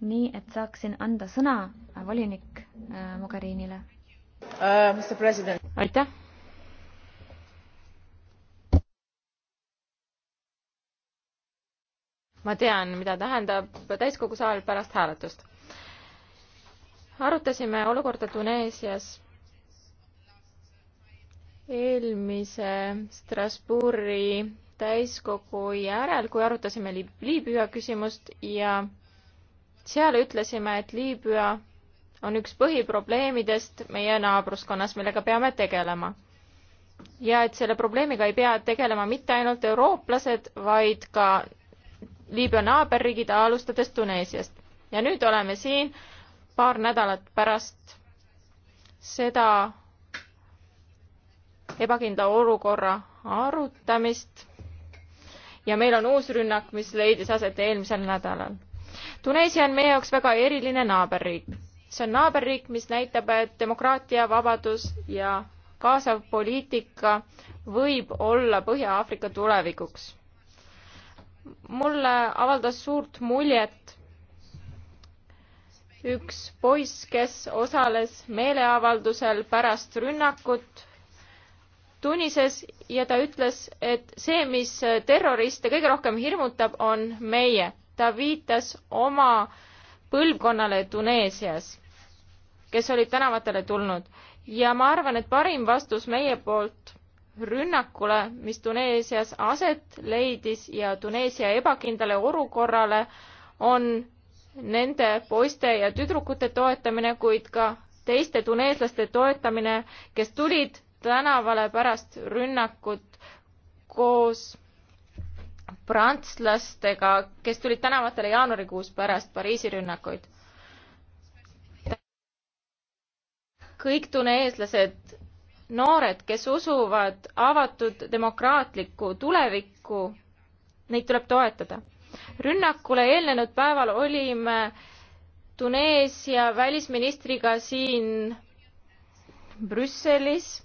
nii et saaksin anda sõna äh, volinik äh, Mogherinile uh,. aitäh. ma tean, mida tähendab täiskogu saal pärast hääletust. arutasime olukorda Tuneesias eelmise Strasbourgi täiskogu järel, kui arutasime Liibüa küsimust ja seal ütlesime, et Liibüa on üks põhiprobleemidest meie naabruskonnas, millega peame tegelema. ja et selle probleemiga ei pea tegelema mitte ainult eurooplased, vaid ka Liibüa naaberriigid, alustades Tuneesiast. ja nüüd oleme siin paar nädalat pärast seda ebakindla olukorra arutamist ja meil on uus rünnak, mis leidis aset eelmisel nädalal Tuneesia on meie jaoks väga eriline naaberriik. see on naaberriik, mis näitab, et demokraatia, vabadus ja kaasav poliitika võib olla Põhja-Aafrika tulevikuks. mulle avaldas suurt muljet üks poiss, kes osales meeleavaldusel pärast rünnakut Tunises ja ta ütles, et see, mis terroriste kõige rohkem hirmutab, on meie ta viitas oma põlvkonnale Tuneesias, kes olid tänavatele tulnud ja ma arvan, et parim vastus meie poolt rünnakule, mis Tuneesias aset leidis ja Tuneesia ebakindlale olukorrale, on nende poiste ja tüdrukute toetamine, kuid ka teiste tuneeslaste toetamine, kes tulid tänavale pärast rünnakut koos prantslastega, kes tulid tänavatele jaanuarikuus pärast Pariisi rünnakuid. kõik tuneeslased, noored, kes usuvad avatud demokraatlikku tulevikku, neid tuleb toetada. rünnakule eelnenud päeval olime Tuneesia välisministriga siin Brüsselis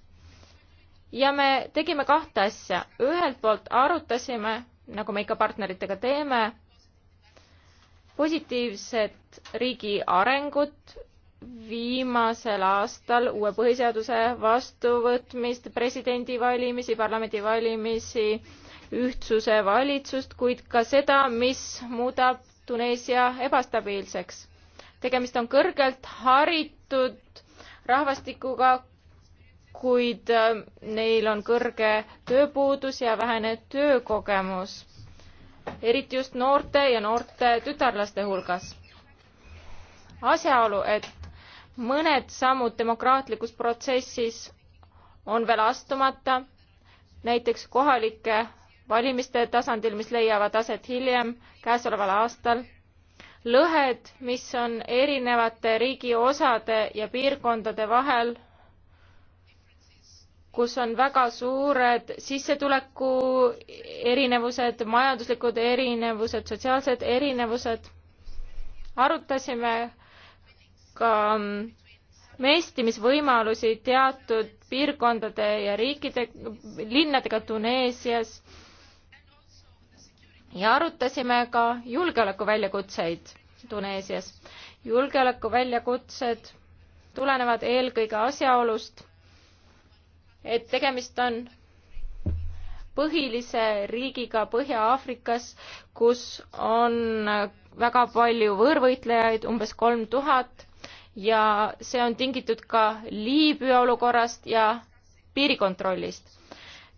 ja me tegime kahte asja. ühelt poolt arutasime nagu me ikka partneritega teeme, positiivset riigi arengut, viimasel aastal uue põhiseaduse vastuvõtmist, presidendivalimisi, parlamendivalimisi, ühtsuse valitsust, kuid ka seda, mis muudab Tuneesia ebastabiilseks. tegemist on kõrgelt haritud rahvastikuga, kuid äh, neil on kõrge tööpuudus ja vähene töökogemus, eriti just noorte ja noorte tütarlaste hulgas. asjaolu, et mõned sammud demokraatlikus protsessis on veel astumata, näiteks kohalike valimiste tasandil, mis leiavad aset hiljem käesoleval aastal, lõhed, mis on erinevate riigi osade ja piirkondade vahel, kus on väga suured sissetuleku erinevused, majanduslikud erinevused, sotsiaalsed erinevused. arutasime ka meestimisvõimalusi mm, teatud piirkondade ja riikide, linnadega Tuneesias ja arutasime ka julgeolekuväljakutseid Tuneesias. julgeolekuväljakutsed tulenevad eelkõige asjaolust et tegemist on põhilise riigiga Põhja-Aafrikas, kus on väga palju võõrvõitlejaid, umbes kolm tuhat, ja see on tingitud ka Liibüa olukorrast ja piirikontrollist.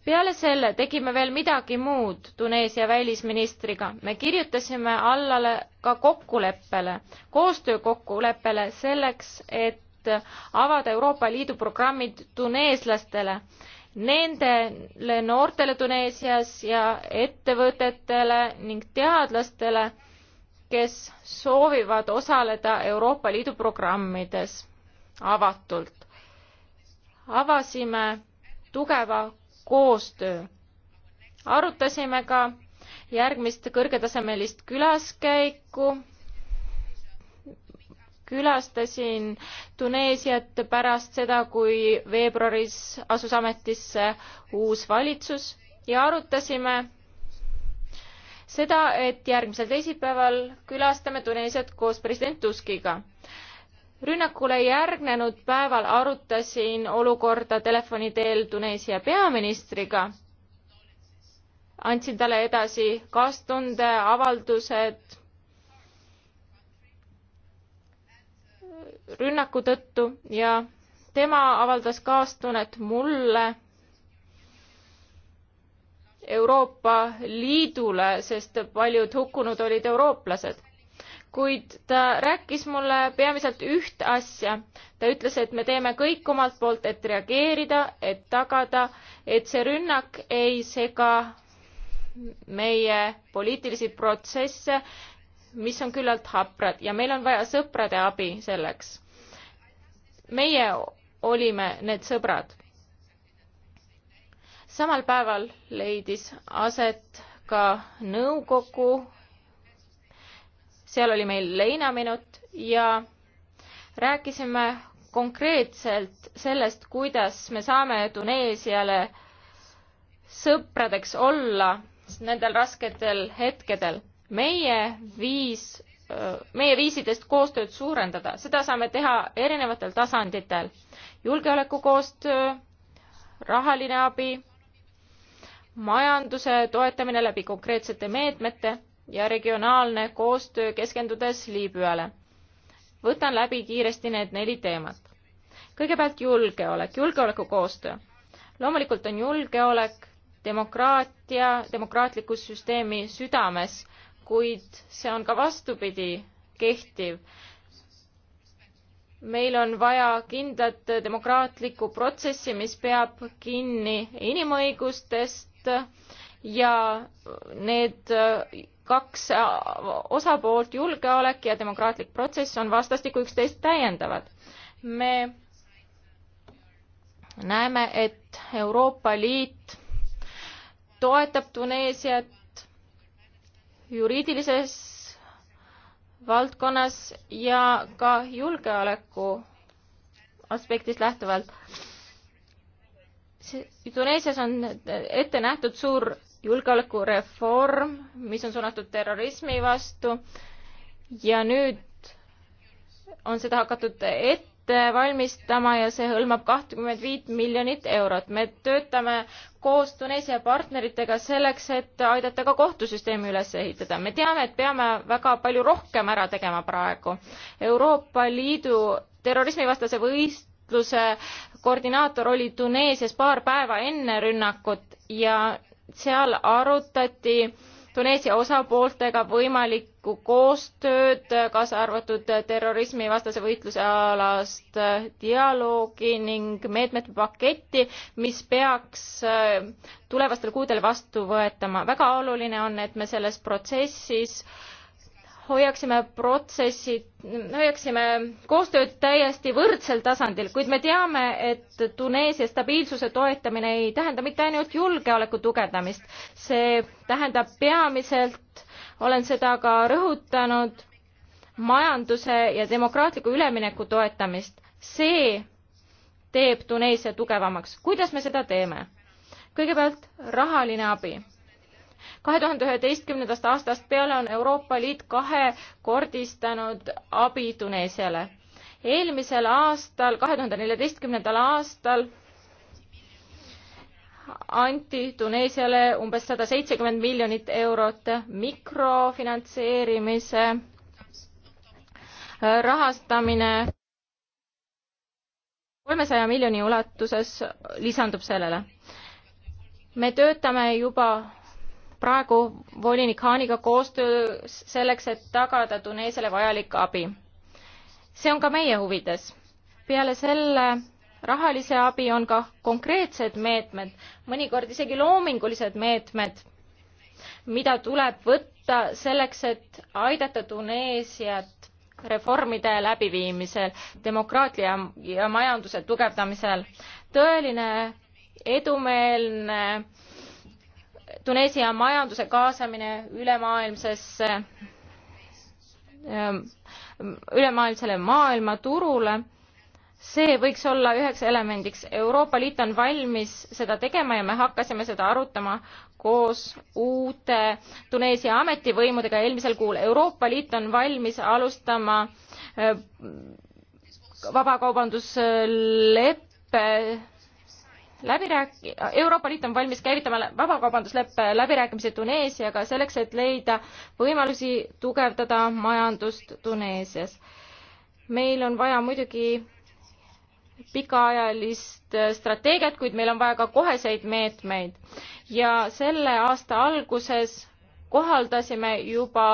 peale selle tegime veel midagi muud Tuneesia välisministriga. me kirjutasime allale ka kokkuleppele, koostöökokkuleppele selleks, et et avada Euroopa Liidu programmid tuneeslastele. Nendele noortele Tuneesias ja ettevõtetele ning teadlastele, kes soovivad osaleda Euroopa Liidu programmides avatult. avasime tugeva koostöö. arutasime ka järgmist kõrgetasemelist külaskäiku külastasin Tuneesiat pärast seda, kui veebruaris asus ametisse uus valitsus ja arutasime seda, et järgmisel teisipäeval külastame Tuneesiat koos president Tuskiga. rünnakule järgnenud päeval arutasin olukorda telefoni teel Tuneesia peaministriga. andsin talle edasi kaastundeavaldused rünnaku tõttu ja tema avaldas kaastunnet mulle, Euroopa Liidule, sest paljud hukkunud olid eurooplased. kuid ta rääkis mulle peamiselt üht asja. ta ütles, et me teeme kõik omalt poolt, et reageerida, et tagada, et see rünnak ei sega meie poliitilisi protsesse mis on küllalt haprad ja meil on vaja sõprade abi selleks. meie olime need sõbrad. samal päeval leidis aset ka nõukogu. seal oli meil leinaminut ja rääkisime konkreetselt sellest, kuidas me saame Tuneesiale sõpradeks olla nendel rasketel hetkedel meie viis, meie viisidest koostööd suurendada, seda saame teha erinevatel tasanditel. julgeolekukoostöö, rahaline abi, majanduse toetamine läbi konkreetsete meetmete ja regionaalne koostöö keskendudes Liibüale. võtan läbi kiiresti need neli teemat. kõigepealt julgeolek, julgeolekukoostöö. loomulikult on julgeolek demokraatia, demokraatliku süsteemi südames, kuid see on ka vastupidi kehtiv. meil on vaja kindlat demokraatlikku protsessi, mis peab kinni inimõigustest ja need kaks osapoolt, julgeolek ja demokraatlik protsess on vastastikku üksteist täiendavad. me näeme, et Euroopa Liit toetab Tuneesiat juriidilises valdkonnas ja ka julgeoleku aspektist lähtuvalt. Tuneesias on ette nähtud suur julgeolekureform, mis on suunatud terrorismi vastu ja nüüd on seda hakatud ette ette äh, valmistama ja see hõlmab kahtekümmet viit miljonit eurot. me töötame koos Tuneesia partneritega selleks, et aidata ka kohtusüsteemi üles ehitada. me teame, et peame väga palju rohkem ära tegema praegu. Euroopa Liidu terrorismivastase võistluse koordinaator oli Tuneesias paar päeva enne rünnakut ja seal arutati äh, Tuneesia osapooltega võimalikku koostööd, kaasa arvatud terrorismivastase võitluse alast dialoogi ning meetmete paketti, mis peaks äh, tulevastel kuudel vastu võetama. väga oluline on, et me selles protsessis äh, hoiaksime protsessi, hoiaksime koostööd täiesti võrdsel tasandil, kuid me teame, et Tuneesia stabiilsuse toetamine ei tähenda mitte ainult julgeoleku tugevdamist, see tähendab peamiselt, olen seda ka rõhutanud, majanduse ja demokraatliku ülemineku toetamist. see teeb Tuneesia tugevamaks. kuidas me seda teeme? kõigepealt rahaline abi kahe tuhande üheteistkümnendast aastast peale on Euroopa Liit kahekordistanud abi Tuneesiale. eelmisel aastal, kahe tuhande neljateistkümnendal aastal anti Tuneesiale umbes sada seitsekümmend miljonit eurot mikrofinantseerimise rahastamine kolmesaja miljoni ulatuses lisandub sellele. me töötame juba praegu volinik Haaniga koostöös selleks, et tagada Tuneesiale vajalik abi. see on ka meie huvides. peale selle rahalise abi on ka konkreetsed meetmed, mõnikord isegi loomingulised meetmed, mida tuleb võtta selleks, et aidata Tuneesiat reformide läbiviimisel, demokraatia ja majanduse tugevdamisel. tõeline edumeelne äh, Tuneesia majanduse kaasamine ülemaailmsesse, ähm, ülemaailmsele maailmaturule, see võiks olla üheks elemendiks. Euroopa Liit on valmis seda tegema ja me hakkasime seda arutama koos uute Tuneesia ametivõimudega eelmisel kuul. Euroopa Liit on valmis alustama äh, vabakaubandusleppe läbirääk-, Euroopa Liit on valmis käivitama vabakaubandusleppe läbirääkimised Tuneesiaga selleks, et leida võimalusi tugevdada majandust Tuneesias. meil on vaja muidugi pikaajalist äh, strateegiat, kuid meil on vaja ka koheseid meetmeid ja selle aasta alguses kohaldasime juba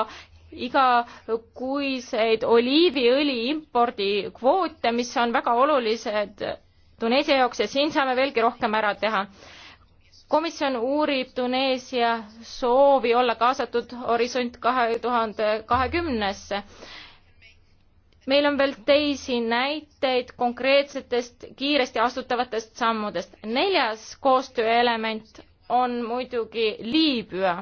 igakuiseid oliiviõli impordikvoote, mis on väga olulised Tuneesia jaoks ja siin saame veelgi rohkem ära teha. komisjon uurib Tuneesia soovi olla kaasatud Horisont kahe tuhande kahekümnesse meil on veel teisi näiteid konkreetsetest kiiresti astutavatest sammudest. neljas koostööelement on muidugi Liibüa.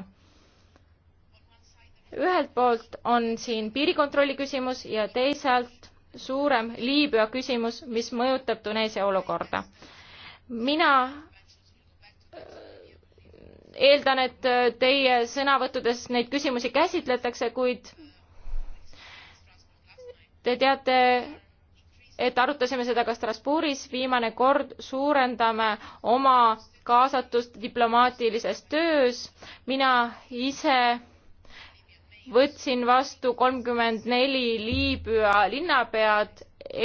ühelt poolt on siin piirikontrolli küsimus ja teisalt suurem Liibüa küsimus, mis mõjutab Tuneesia olukorda. mina äh, eeldan, et äh, teie sõnavõttudes neid küsimusi käsitletakse, kuid te teate, et arutasime seda ka Strasbourgis, viimane kord suurendame oma kaasatust diplomaatilises töös. mina ise võtsin vastu kolmkümmend neli Liibüa linnapead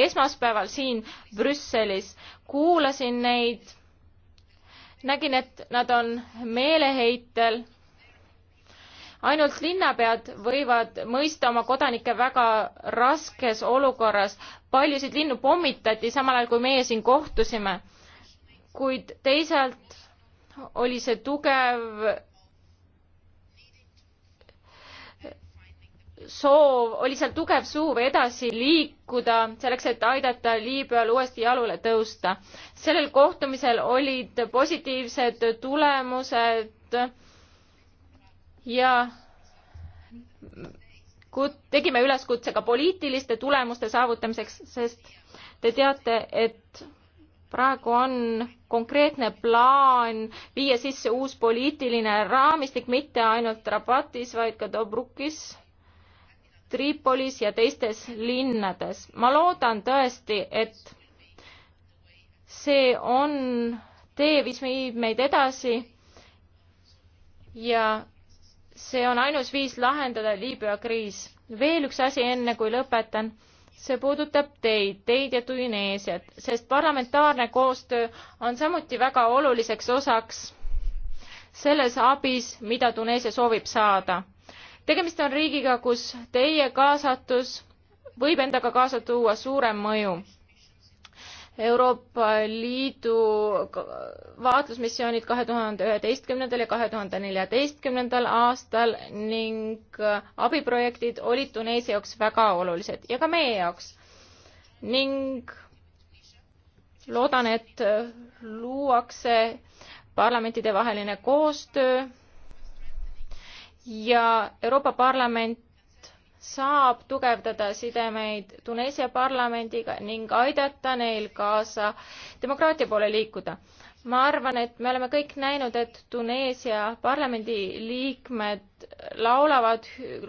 esmaspäeval siin Brüsselis. kuulasin neid, nägin, et nad on meeleheitel. ainult linnapead võivad mõista oma kodanikke väga raskes olukorras. paljusid linnu pommitati, samal ajal kui meie siin kohtusime. kuid teisalt oli see tugev soov, oli seal tugev soov edasi liikuda selleks, et aidata Liibüal uuesti jalule tõusta. sellel kohtumisel olid positiivsed tulemused ja tegime üleskutse ka poliitiliste tulemuste saavutamiseks, sest te teate, et praegu on konkreetne plaan viia sisse uus poliitiline raamistik mitte ainult Rabatis, vaid ka Dobrukis Tripolis ja teistes linnades. ma loodan tõesti, et see on tee, mis viib meid edasi ja see on ainus viis lahendada Liibüa kriis. veel üks asi, enne kui lõpetan. see puudutab teid, teid ja Tuneesiat, sest parlamentaarne koostöö on samuti väga oluliseks osaks selles abis, mida Tuneesia soovib saada tegemist on riigiga, kus teie kaasatus võib endaga kaasa tuua suurem mõju. Euroopa Liidu vaatlusmissioonid kahe tuhande üheteistkümnendal ja kahe tuhande neljateistkümnendal aastal ning abiprojektid olid Tuneesia jaoks väga olulised ja ka meie jaoks. ning loodan, et luuakse parlamentidevaheline koostöö ja Euroopa Parlament saab tugevdada sidemeid Tuneesia parlamendiga ning aidata neil kaasa demokraatia poole liikuda. ma arvan, et me oleme kõik näinud, et Tuneesia parlamendi liikmed laulavad,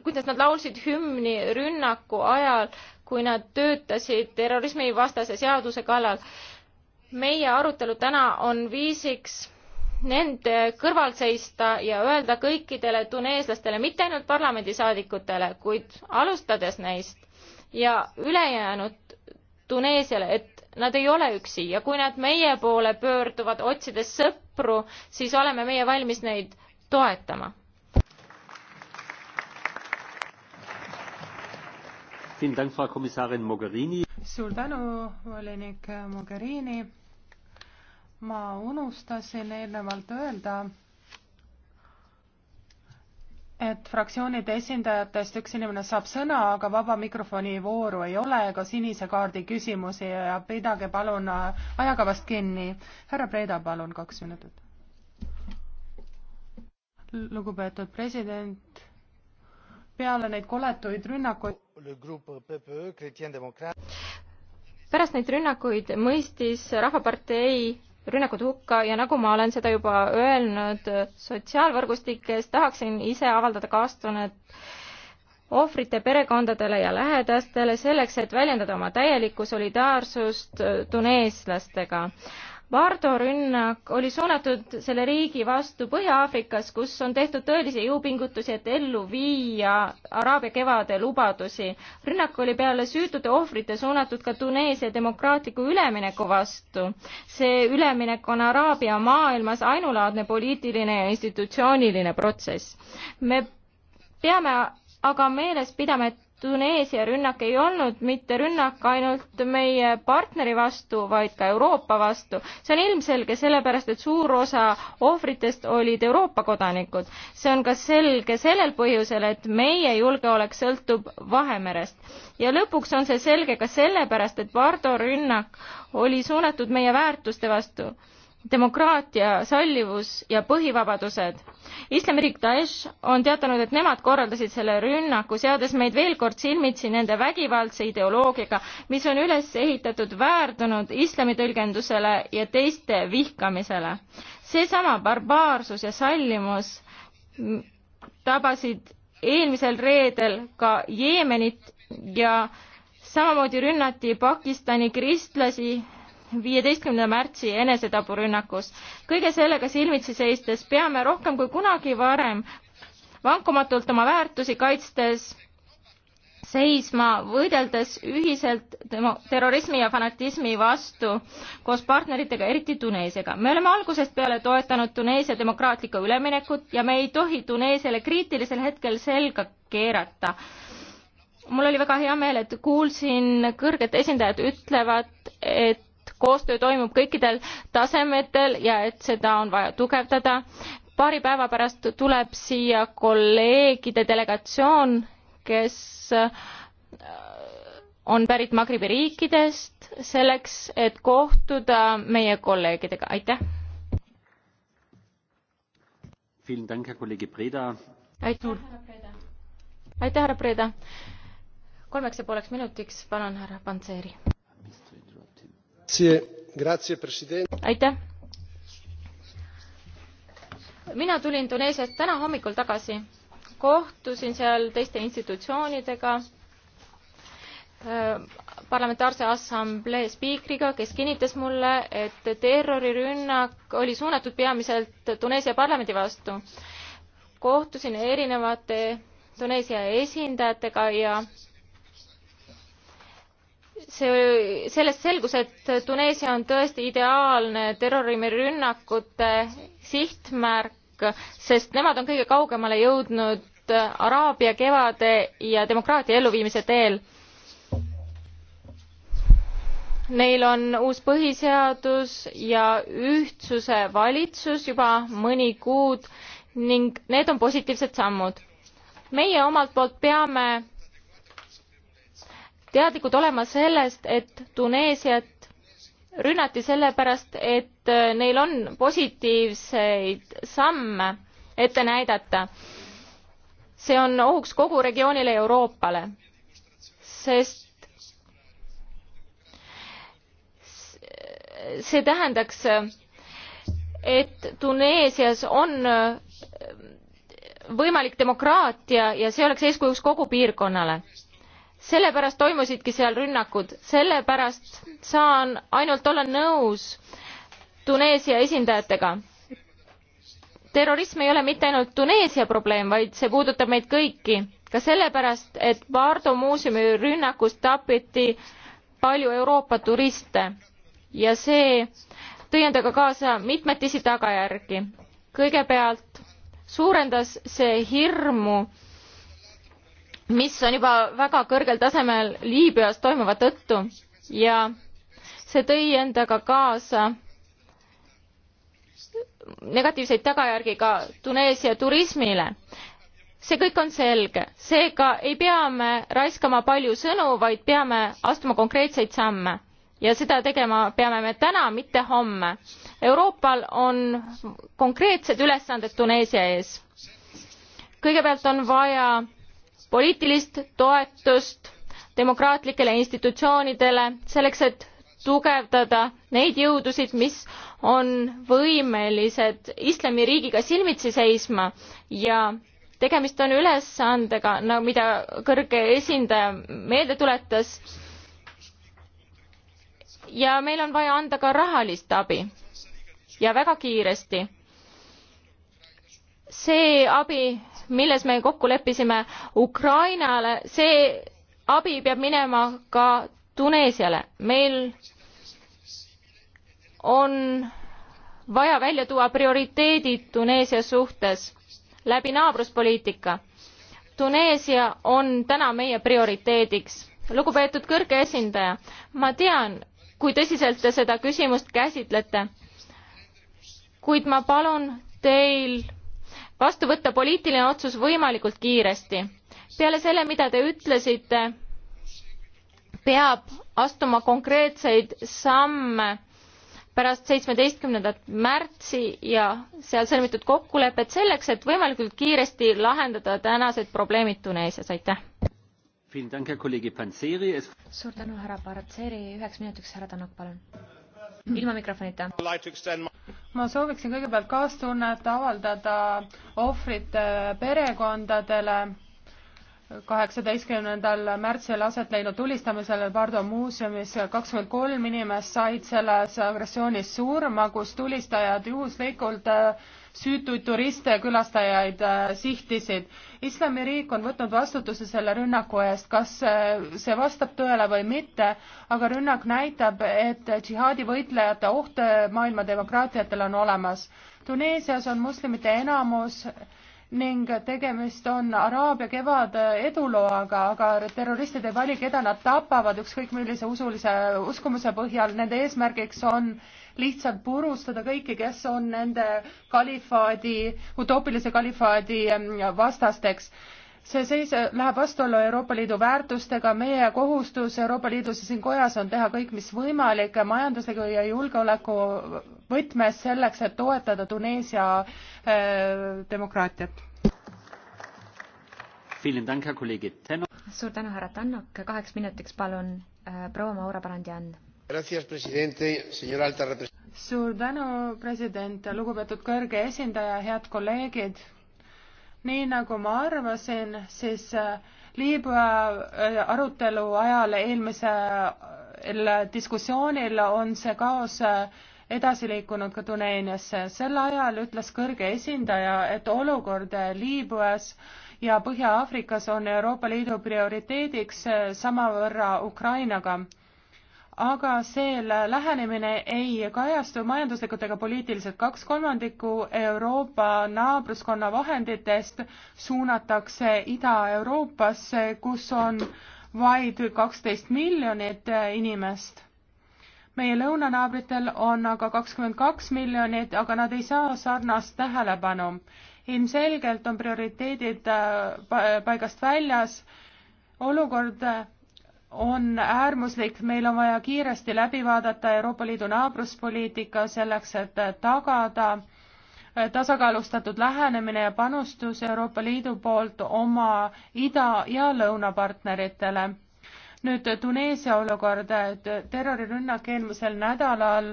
kuidas nad laulsid hümni rünnaku ajal, kui nad töötasid terrorismivastase seaduse kallal. meie arutelu täna on viisiks nende kõrval seista ja öelda kõikidele tuneeslastele, mitte ainult parlamendisaadikutele, kuid alustades neist ja ülejäänud Tuneesiale, et nad ei ole üksi ja kui nad meie poole pöörduvad, otsides sõpru, siis oleme meie valmis neid toetama. suur tänu, volinik Mogherini ma unustasin eelnevalt öelda, et fraktsioonide esindajatest üks inimene saab sõna, aga vaba mikrofoni vooru ei ole ega sinise kaardi küsimusi ja pidage palun äh, ajakavast kinni. härra Preeda, palun kaks minutit. lugupeetud president, peale neid koletuid rünnakuid e, pärast neid rünnakuid mõistis Rahvapartei rünnakud hukka ja nagu ma olen seda juba öelnud sotsiaalvõrgustikes, tahaksin ise avaldada kaastunnet ohvrite perekondadele ja lähedastele selleks, et väljendada oma täielikku solidaarsust tuneeslastega. Bardo rünnak oli suunatud selle riigi vastu Põhja-Aafrikas, kus on tehtud tõelisi jõupingutusi, et ellu viia Araabia kevade lubadusi. rünnak oli peale süütute ohvrite suunatud ka Tuneesia demokraatliku ülemineku vastu. see üleminek on Araabia maailmas ainulaadne poliitiline ja institutsiooniline protsess. me peame aga meeles pidama, et Tuneesia rünnak ei olnud mitte rünnak ainult meie partneri vastu, vaid ka Euroopa vastu. see on ilmselge, sellepärast et suur osa ohvritest olid Euroopa kodanikud. see on ka selge sellel põhjusel, et meie julgeolek sõltub Vahemerest. ja lõpuks on see selge ka sellepärast, et Vardo rünnak oli suunatud meie väärtuste vastu demokraatia, sallivus ja põhivabadused. islamiriik Daesh on teatanud, et nemad korraldasid selle rünnaku, seades meid veel kord silmitsi nende vägivaldse ideoloogiaga, mis on üles ehitatud väärdunud islamitõlgendusele ja teiste vihkamisele. seesama barbaarsus ja sallimus tabasid eelmisel reedel ka Jeemenit ja samamoodi rünnati Pakistani kristlasi viieteistkümnenda märtsi enesetapurünnakus. kõige sellega silmitsi seistes peame rohkem kui kunagi varem vankumatult oma väärtusi kaitstes seisma, võideldes ühiselt terrorismi ja fanatismi vastu koos partneritega, eriti Tuneesiaga. me oleme algusest peale toetanud Tuneesia demokraatlikku üleminekut ja me ei tohi Tuneesiale kriitilisel hetkel selga keerata. mul oli väga hea meel, et kuulsin kõrget esindajat ütlevat, et koostöö toimub kõikidel tasemetel ja et seda on vaja tugevdada. paari päeva pärast tuleb siia kolleegide delegatsioon, kes äh, on pärit Magribi riikidest selleks, et kohtuda meie kolleegidega, aitäh. aitäh, härra Preda. kolmeks ja pooleks minutiks palun härra Panseri aitäh! mina tulin Tuneesiast täna hommikul tagasi, kohtusin seal teiste institutsioonidega, äh, parlamentaarse assamblee spiikriga, kes kinnitas mulle, et terrorirünnak oli suunatud peamiselt Tuneesia parlamendi vastu. kohtusin erinevate Tuneesia esindajatega ja see, sellest selgus, et Tuneesia on tõesti ideaalne terrorirünnakute sihtmärk, sest nemad on kõige kaugemale jõudnud Araabia kevade ja demokraatia elluviimise teel. Neil on uus põhiseadus ja ühtsuse valitsus juba mõni kuud ning need on positiivsed sammud. meie omalt poolt peame teadlikud olema sellest, et Tuneesiat rünnati sellepärast, et äh, neil on positiivseid samme ette näidata. see on ohuks kogu regioonile ja Euroopale, sest see tähendaks, et Tuneesias on äh, võimalik demokraatia ja see oleks eeskujuks kogu piirkonnale sellepärast toimusidki seal rünnakud, sellepärast saan ainult olla nõus Tuneesia esindajatega. terrorism ei ole mitte ainult Tuneesia probleem, vaid see puudutab meid kõiki, ka sellepärast, et Bardo muuseumi rünnakus tapeti palju Euroopa turiste ja see tõi endaga kaasa mitmetisi tagajärgi. kõigepealt suurendas see hirmu mis on juba väga kõrgel tasemel Liibüas toimuva tõttu ja see tõi endaga kaasa negatiivseid tagajärgi ka Tuneesia turismile. see kõik on selge, seega ei pea me raiskama palju sõnu, vaid peame astuma konkreetseid samme ja seda tegema peame me täna, mitte homme. Euroopal on konkreetsed ülesanded Tuneesia ees. kõigepealt on vaja poliitilist toetust demokraatlikele institutsioonidele selleks, et tugevdada neid jõudusid, mis on võimelised islamiriigiga silmitsi seisma ja tegemist on ülesandega, no mida kõrge esindaja meelde tuletas. ja meil on vaja anda ka rahalist abi ja väga kiiresti. see abi milles me kokku leppisime Ukrainale, see abi peab minema ka Tuneesiale. meil on vaja välja tuua prioriteedid Tuneesia suhtes läbi naabruspoliitika. Tuneesia on täna meie prioriteediks. lugupeetud kõrge esindaja, ma tean, kui tõsiselt te seda küsimust käsitlete, kuid ma palun teil vastu võtta poliitiline otsus võimalikult kiiresti. peale selle, mida te ütlesite, peab astuma konkreetseid samme pärast seitsmeteistkümnendat märtsi ja seal sõlmitud kokkulepet selleks, et võimalikult kiiresti lahendada tänased probleemid Tuneesias, aitäh! suur tänu, härra Paratseri, üheks minutiks härra Tanok, palun! Mm-hmm. ilma mikrofonita. ma sooviksin kõigepealt kaastunnet avaldada ohvrite perekondadele kaheksateistkümnendal märtsil aset leidnud tulistamisel Bardo muuseumis kakskümmend kolm inimest said selles agressioonis surma, kus tulistajad juhuslikult süütuid turiste ja külastajaid äh, sihtisid. islamiriik on võtnud vastutuse selle rünnaku eest, kas äh, see vastab tõele või mitte, aga rünnak näitab, et džihaadi võitlejate oht äh, maailma demokraatiatele on olemas. Tuneesias on moslemite enamus ning tegemist on Araabia kevade edulooga, aga terroristid ei vali, keda nad tapavad, ükskõik millise usulise uskumuse põhjal, nende eesmärgiks on lihtsalt purustada kõiki, kes on nende kalifaadi, utoopilise kalifaadi mm, vastasteks see seis äh, läheb vastuollu Euroopa Liidu väärtustega, meie kohustus Euroopa Liidus ja siin kojas on teha kõik, mis võimalik majandusliku ja julgeoleku võtmes selleks, et toetada Tuneesia äh, demokraatiat. suur tänu, härra Tannok, kaheks minutiks palun äh, proua Maura Parandjan. suur tänu, president, lugupeetud kõrge esindaja, head kolleegid nii nagu ma arvasin, siis äh, Liibüa äh, arutelu ajal eelmisel äh, diskussioonil on see kaos edasi liikunud ka Tuneeniasse. sel ajal ütles kõrge esindaja, et olukord Liibüas ja Põhja-Aafrikas on Euroopa Liidu prioriteediks samavõrra Ukrainaga aga see lähenemine ei kajastu majanduslikult ega poliitiliselt. kaks kolmandikku Euroopa naabruskonna vahenditest suunatakse Ida-Euroopasse, kus on vaid kaksteist miljonit inimest. meie lõunanaabritel on aga kakskümmend kaks miljonit, aga nad ei saa sarnast tähelepanu. ilmselgelt on prioriteedid äh, paigast väljas, olukord on äärmuslik, meil on vaja kiiresti läbi vaadata Euroopa Liidu naabruspoliitika selleks, et tagada tasakaalustatud lähenemine ja panustus Euroopa Liidu poolt oma ida- ja lõunapartneritele. nüüd Tuneesia olukord, terrorirünnak eelmisel nädalal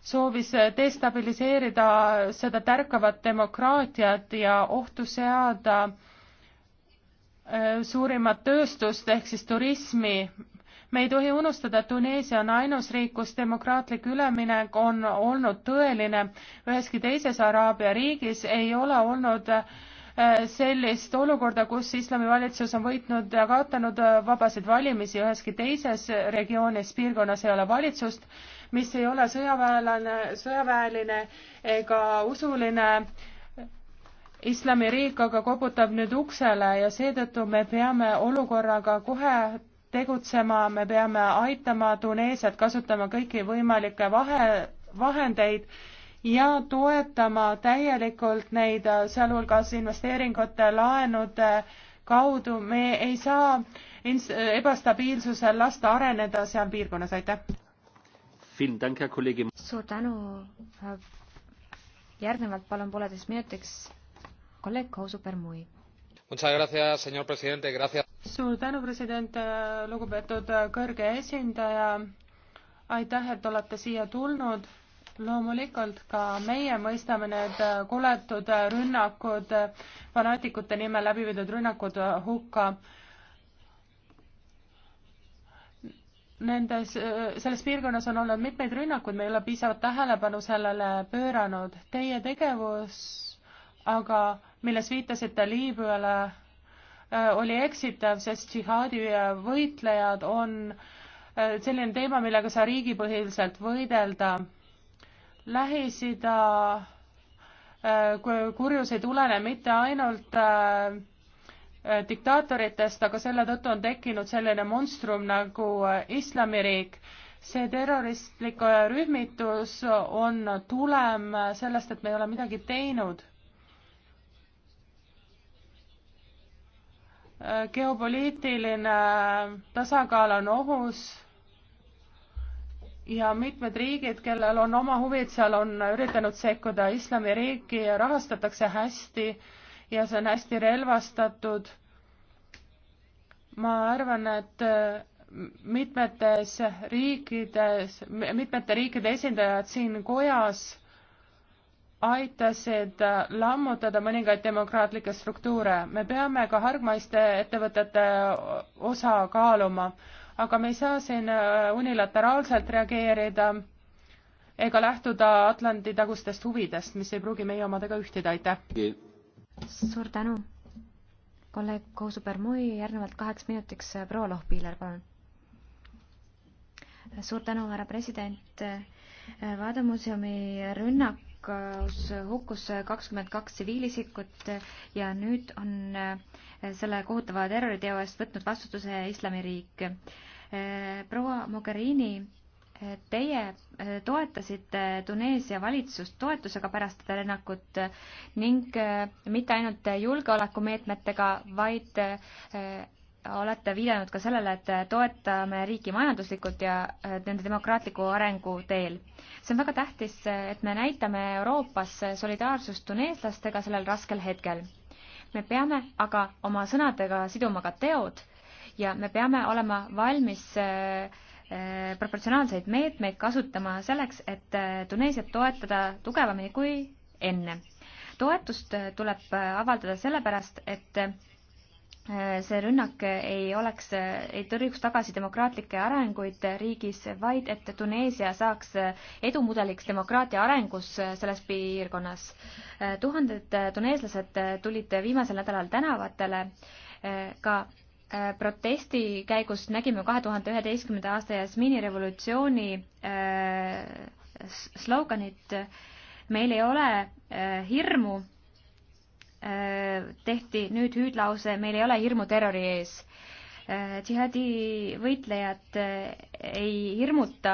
soovis destabiliseerida seda tärkavat demokraatiat ja ohtu seada äh, Äh, suurimat tööstust ehk siis turismi. me ei tohi unustada, et Tuneesia on ainus riik, kus demokraatlik üleminek on olnud tõeline. üheski teises Araabia riigis ei ole olnud äh, sellist olukorda, kus islami valitsus on võitnud ja kaotanud äh, vabasid valimisi, üheski teises regioonis, piirkonnas ei ole valitsust, mis ei ole sõjaväelane, sõjaväeline ega usuline äh, islamiriik aga koputab nüüd uksele ja seetõttu me peame olukorraga kohe tegutsema, me peame aitama Tuneesiat, kasutama kõiki võimalikke vahe, vahendeid ja toetama täielikult neid, sealhulgas investeeringute, laenude kaudu, me ei saa ebastabiilsusel lasta areneda seal piirkonnas, aitäh! suur tänu! järgnevalt palun pooleteist minutiks kolleeg Kausu Permui. suur tänu, president, lugupeetud kõrge esindaja. aitäh, et olete siia tulnud. loomulikult ka meie mõistame need koletud rünnakud, fanaatikute nimel läbi viidud rünnakud hukka nendes, selles piirkonnas on olnud mitmeid rünnakuid, me ei ole piisavalt tähelepanu sellele pööranud. Teie tegevus aga milles viitasite Liibüale, äh, oli eksitav, sest džihaadi äh, võitlejad on äh, selline teema, millega sa riigipõhiselt võidelda. Lähis-Ida kurjus ei tulene mitte ainult diktaatoritest, aga selle tõttu on tekkinud selline monstrum nagu islamiriik. see terroristlik rühmitus on tulem sellest, et me ei ole midagi teinud geopoliitiline tasakaal on ohus ja mitmed riigid, kellel on oma huvid seal, on üritanud sekkuda islamiriiki ja rahastatakse hästi ja see on hästi relvastatud. ma arvan, et mitmetes riikides, mitmete riikide esindajad siin kojas aitasid äh, lammutada mõningaid demokraatlikke struktuure. me peame ka hargmaiste ettevõtete äh, osa kaaluma, aga me ei saa siin äh, unilateraalselt reageerida ega lähtuda Atlandi tagustest huvidest, mis ei pruugi meie omadega ühtida, aitäh! suur tänu! kolleeg Kousu-Permui, järgnevalt kaheks minutiks proua Lohpiiler, palun! suur tänu, härra president! Vaadamuuseumi rünnak hukkus, hukkus kakskümmend kaks tsiviilisikut ja nüüd on äh, selle kohutava terroriteo eest võtnud vastutuse Islamiriik. Äh, proua Mogherini, äh, teie toetasite Tuneesia valitsust toetusega pärast seda rünnakut ning mitte ainult julgeolekumeetmetega, vaid olete viidanud ka sellele, et toetame riiki majanduslikult ja äh, nende demokraatliku arengu teel. see on väga tähtis, et me näitame Euroopas solidaarsust tuneeslastega sellel raskel hetkel. me peame aga oma sõnadega siduma ka teod ja me peame olema valmis äh, äh, proportsionaalseid meetmeid kasutama selleks, et Tuneesiat toetada tugevamini kui enne. toetust tuleb avaldada sellepärast, et Äh, see rünnak ei oleks, äh, ei tõrjuks tagasi demokraatlikke arenguid riigis, vaid et Tuneesia saaks äh, edumudeliks demokraatia arengus selles piirkonnas. tuhanded tuneeslased tulid viimasel nädalal tänavatele ka protesti käigus nägime kahe tuhande üheteistkümnenda aasta Jasmini revolutsiooni sloganit Meil ei ole hirmu Äh, tehti nüüd hüüdlause, meil ei ole hirmu terrori ees äh, džihadi võitlejad äh, ei hirmuta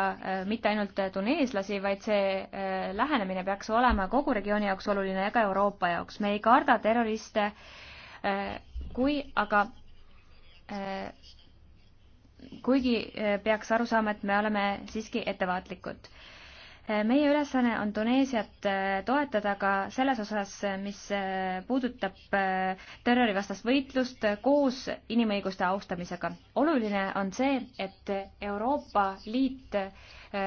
mitte ainult tuneeslasi, vaid see lähenemine peaks olema kogu regiooni jaoks oluline ja ka Euroopa jaoks. me ei karda terroriste, kui aga kuigi peaks aru saama, et me oleme siiski ettevaatlikud meie ülesanne on Tuneesiat äh, toetada ka selles osas, äh, mis äh, puudutab terrorivastast võitlust koos inimõiguste austamisega. oluline on see, et Euroopa Liit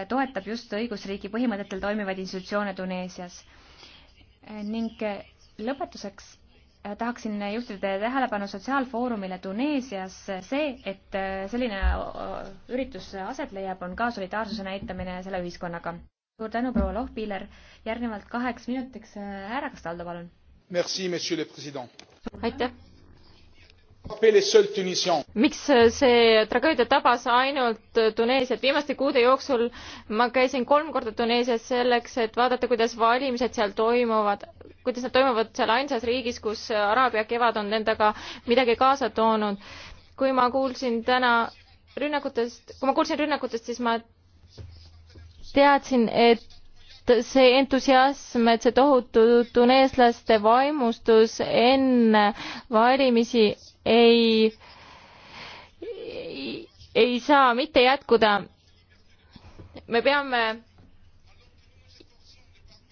toetab just õigusriigi põhimõtetel toimivaid institutsioone Tuneesias. ning lõpetuseks tahaksin juhtida teie tähelepanu Sotsiaalfoorumile Tuneesias. see, et selline üritus aset leiab, on ka solidaarsuse näitamine selle ühiskonnaga suur tänu, proua Lohpiller. järgnevalt kaheks minutiks äh, härra Kastaldo, palun. aitäh miks äh, see tragöödia tabas ainult äh, tuneesiat viimaste kuude jooksul ma käisin kolm korda tuneesias selleks et vaadata kuidas valimised seal toimuvad kuidas nad toimuvad seal ainsas riigis kus araabia kevad on endaga midagi kaasa toonud kui ma kuulsin täna rünnakutest kui ma kuulsin rünnakutest siis ma teadsin, et see entusiasm, et see tohutu tuneeslaste vaimustus enne valimisi ei, ei, ei saa mitte jätkuda. me peame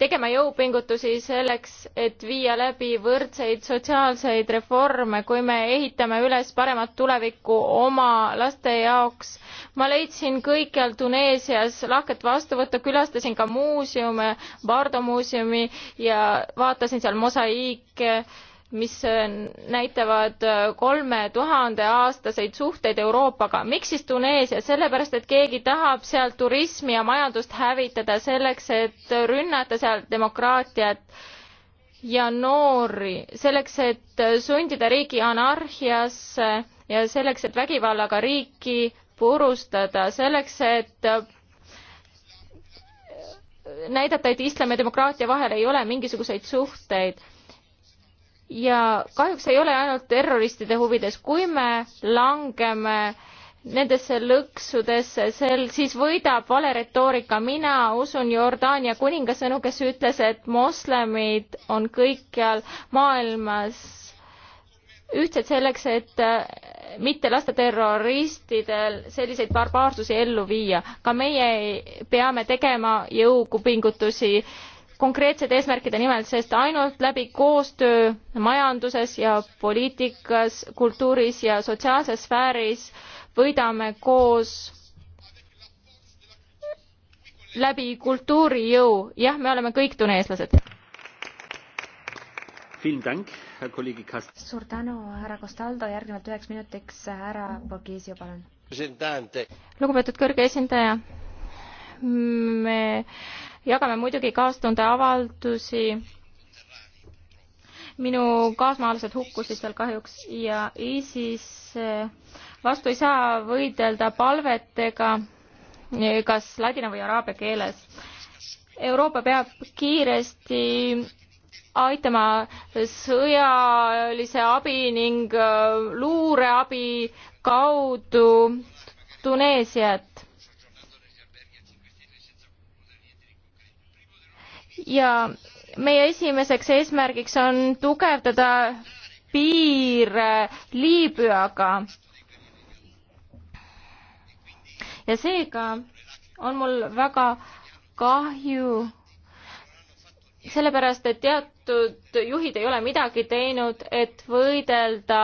tegema jõupingutusi selleks, et viia läbi võrdseid sotsiaalseid reforme, kui me ehitame üles paremat tulevikku oma laste jaoks. ma leidsin kõikjal Tuneesias lahket vastuvõttu, külastasin ka muuseume, Bardo muuseumi ja vaatasin seal mosaiike mis äh, näitavad äh, kolme tuhande aastaseid suhteid Euroopaga. miks siis Tuneesia? sellepärast, et keegi tahab seal turismi ja majandust hävitada selleks, et rünnata seal demokraatiat ja noori, selleks, et äh, sundida riigi anarhiasse ja selleks, et vägivallaga riiki purustada, selleks, et näidata, et islam ja demokraatia vahel ei ole mingisuguseid suhteid ja kahjuks ei ole ainult terroristide huvides, kui me langeme nendesse lõksudesse, sel, siis võidab vale retoorika. mina usun Jordaania kuningasõnu, kes ütles, et moslemid on kõikjal maailmas ühtsed selleks, et äh, mitte lasta terroristidel selliseid barbaarsusi ellu viia. ka meie peame tegema jõupingutusi äh, konkreetsete eesmärkide nimel, sest ainult läbi koostöö majanduses ja poliitikas, kultuuris ja sotsiaalses sfääris võidame koos läbi kultuurijõu. jah, me oleme kõik tuneeslased. suur tänu, härra Castaldo, järgnevalt üheks minutiks härra Borghesio, palun. lugupeetud kõrge esindaja, me jagame muidugi kaastunde avaldusi. minu kaasmaalased hukkusid seal kahjuks ja ISIS eh, vastu ei saa võidelda palvetega eh, kas ladina või araabia keeles. Euroopa peab kiiresti aitama sõjalise abi ning eh, luureabi kaudu Tuneesiat. ja meie esimeseks eesmärgiks on tugevdada piir äh, Liibüaga. ja seega on mul väga kahju, sellepärast et teatud juhid ei ole midagi teinud, et võidelda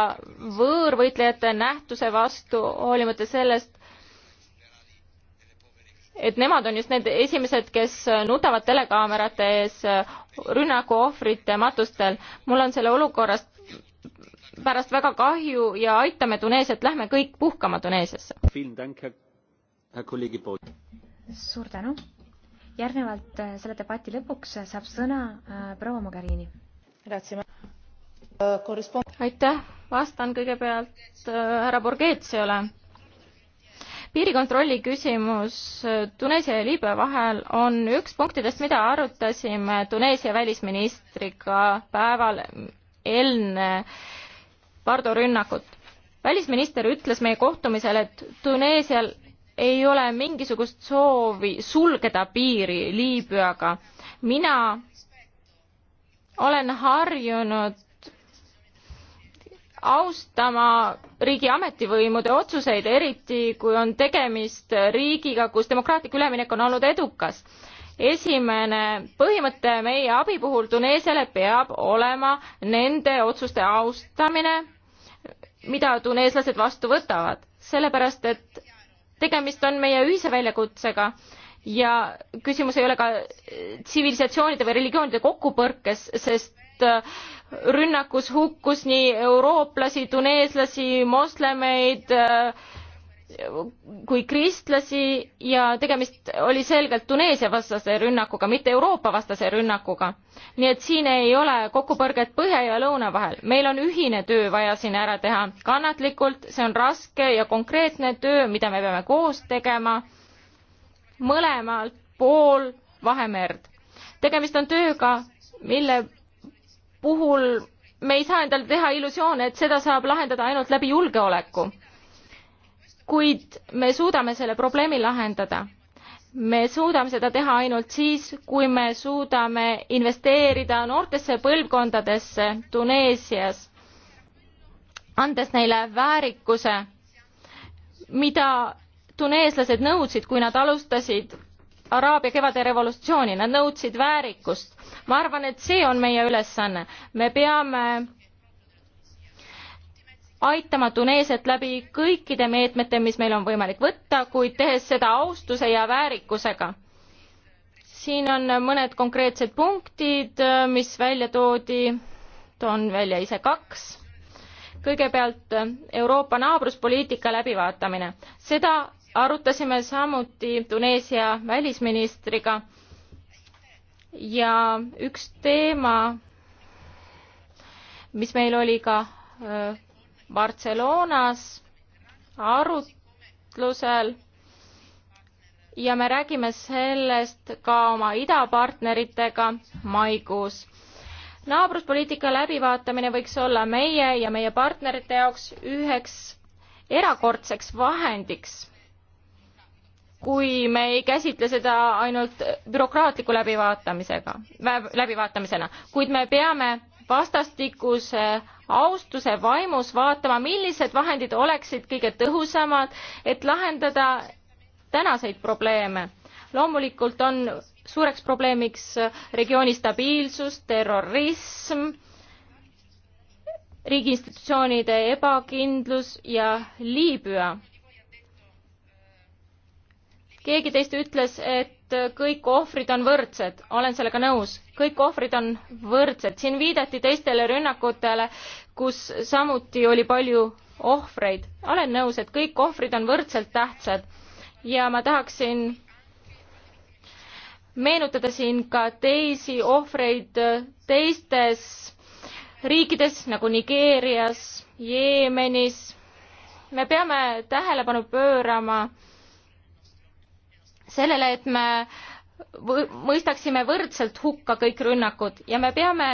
võõrvõitlejate nähtuse vastu, hoolimata sellest, et nemad on just need esimesed, kes nutavad telekaamerate ees rünnaku ohvrite matustel. mul on selle olukorrast pärast väga kahju ja aitame Tuneesiat, lähme kõik puhkama Tuneesiasse. suur tänu. järgnevalt äh, selle debati lõpuks saab sõna äh, proua Mogherini. aitäh, vastan kõigepealt äh, härra Borghetsiole piirikontrolli küsimus äh, Tuneesia ja Liibüa vahel on üks punktidest, mida arutasime Tuneesia välisministriga päeval enne Bardo rünnakut. välisminister ütles meie kohtumisel, et Tuneesial ei ole mingisugust soovi sulgeda piiri Liibüaga. mina olen harjunud austama riigi ametivõimude otsuseid, eriti kui on tegemist riigiga, kus demokraatlik üleminek on olnud edukas. esimene põhimõte meie abi puhul Tuneesiale peab olema nende otsuste austamine, mida tuneeslased vastu võtavad, sellepärast et tegemist on meie ühise väljakutsega ja küsimus ei ole ka tsivilisatsioonide või religioonide kokkupõrkes, sest äh, rünnakus hukkus nii eurooplasi, tuneeslasi, moslemeid äh, kui kristlasi ja tegemist oli selgelt Tuneesia vastase rünnakuga, mitte Euroopa vastase rünnakuga. nii et siin ei ole kokkupõrget põhja ja lõuna vahel. meil on ühine töö vaja siin ära teha kannatlikult, see on raske ja konkreetne töö, mida me peame koos tegema mõlemalt pool Vahemerd. tegemist on tööga, mille puhul me ei saa endale teha illusioone, et seda saab lahendada ainult läbi julgeoleku. kuid me suudame selle probleemi lahendada. me suudame seda teha ainult siis, kui me suudame investeerida noortesse põlvkondadesse Tuneesias, andes neile väärikuse, mida tuneeslased nõudsid, kui nad alustasid araabia kevade revolutsiooni nad nõudsid väärikust ma arvan et see on meie ülesanne me peame aitama tuneesiat läbi kõikide meetmete mis meil on võimalik võtta kuid tehes seda austuse ja väärikusega siin on mõned konkreetsed punktid mis välja toodi toon välja ise kaks kõigepealt euroopa naabruspoliitika läbivaatamine seda arutasime samuti Tuneesia välisministriga ja üks teema, mis meil oli ka Barcelonas arutlusel ja me räägime sellest ka oma idapartneritega maikuus. naabruspoliitika läbivaatamine võiks olla meie ja meie partnerite jaoks üheks erakordseks vahendiks kui me ei käsitle seda ainult bürokraatliku läbivaatamisega, läbivaatamisena, kuid me peame vastastikuse austuse vaimus vaatama, millised vahendid oleksid kõige tõhusamad, et lahendada tänaseid probleeme. loomulikult on suureks probleemiks regiooni stabiilsus, terrorism, riigi institutsioonide ebakindlus ja Liibüa keegi teist ütles, et kõik ohvrid on võrdsed, olen sellega nõus, kõik ohvrid on võrdsed, siin viidati teistele rünnakutele, kus samuti oli palju ohvreid, olen nõus, et kõik ohvrid on võrdselt tähtsad ja ma tahaksin meenutada siin ka teisi ohvreid teistes riikides nagu Nigeerias, Jeemenis. me peame tähelepanu pöörama sellele, et me mõistaksime võrdselt hukka kõik rünnakud ja me peame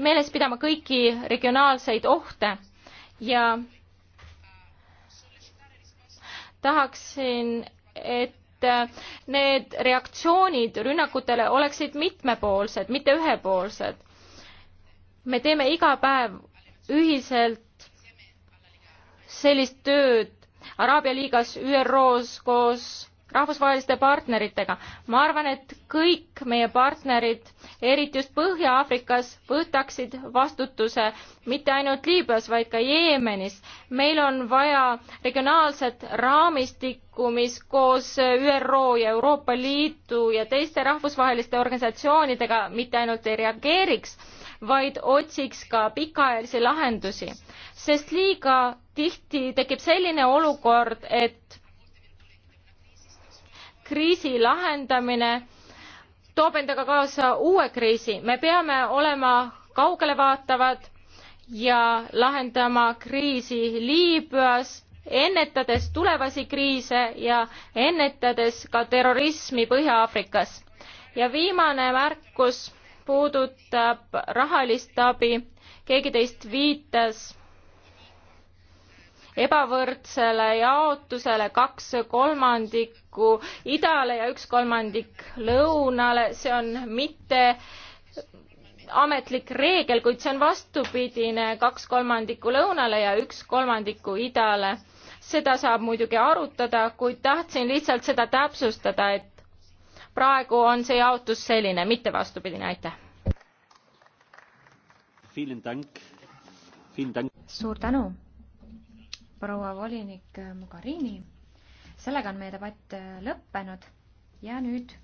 meeles pidama kõiki regionaalseid ohte ja tahaksin, et need reaktsioonid rünnakutele oleksid mitmepoolsed, mitte ühepoolsed. me teeme iga päev ühiselt sellist tööd, Araabia liigas, ÜRO-s koos rahvusvaheliste partneritega. ma arvan, et kõik meie partnerid, eriti just Põhja-Aafrikas, võtaksid vastutuse mitte ainult Liibüas, vaid ka Jeemenis. meil on vaja regionaalset raamistikku, mis koos ÜRO ja Euroopa Liidu ja teiste rahvusvaheliste organisatsioonidega mitte ainult ei reageeriks, vaid otsiks ka pikaajalisi lahendusi, sest liiga tihti tekib selline olukord, et kriisi lahendamine toob endaga kaasa uue kriisi. me peame olema kaugelevaatavad ja lahendama kriisi Liibüas, ennetades tulevasi kriise ja ennetades ka terrorismi Põhja-Aafrikas. ja viimane märkus puudutab rahalist abi, keegi teist viitas ebavõrdsele jaotusele kaks kolmandikku idale ja üks kolmandik lõunale, see on mitte ametlik reegel, kuid see on vastupidine, kaks kolmandikku lõunale ja üks kolmandikku idale. seda saab muidugi arutada, kuid tahtsin lihtsalt seda täpsustada, et praegu on see jaotus selline, mitte vastupidine, aitäh. suur tänu, proua volinik Mugarini. sellega on meie debatt lõppenud ja nüüd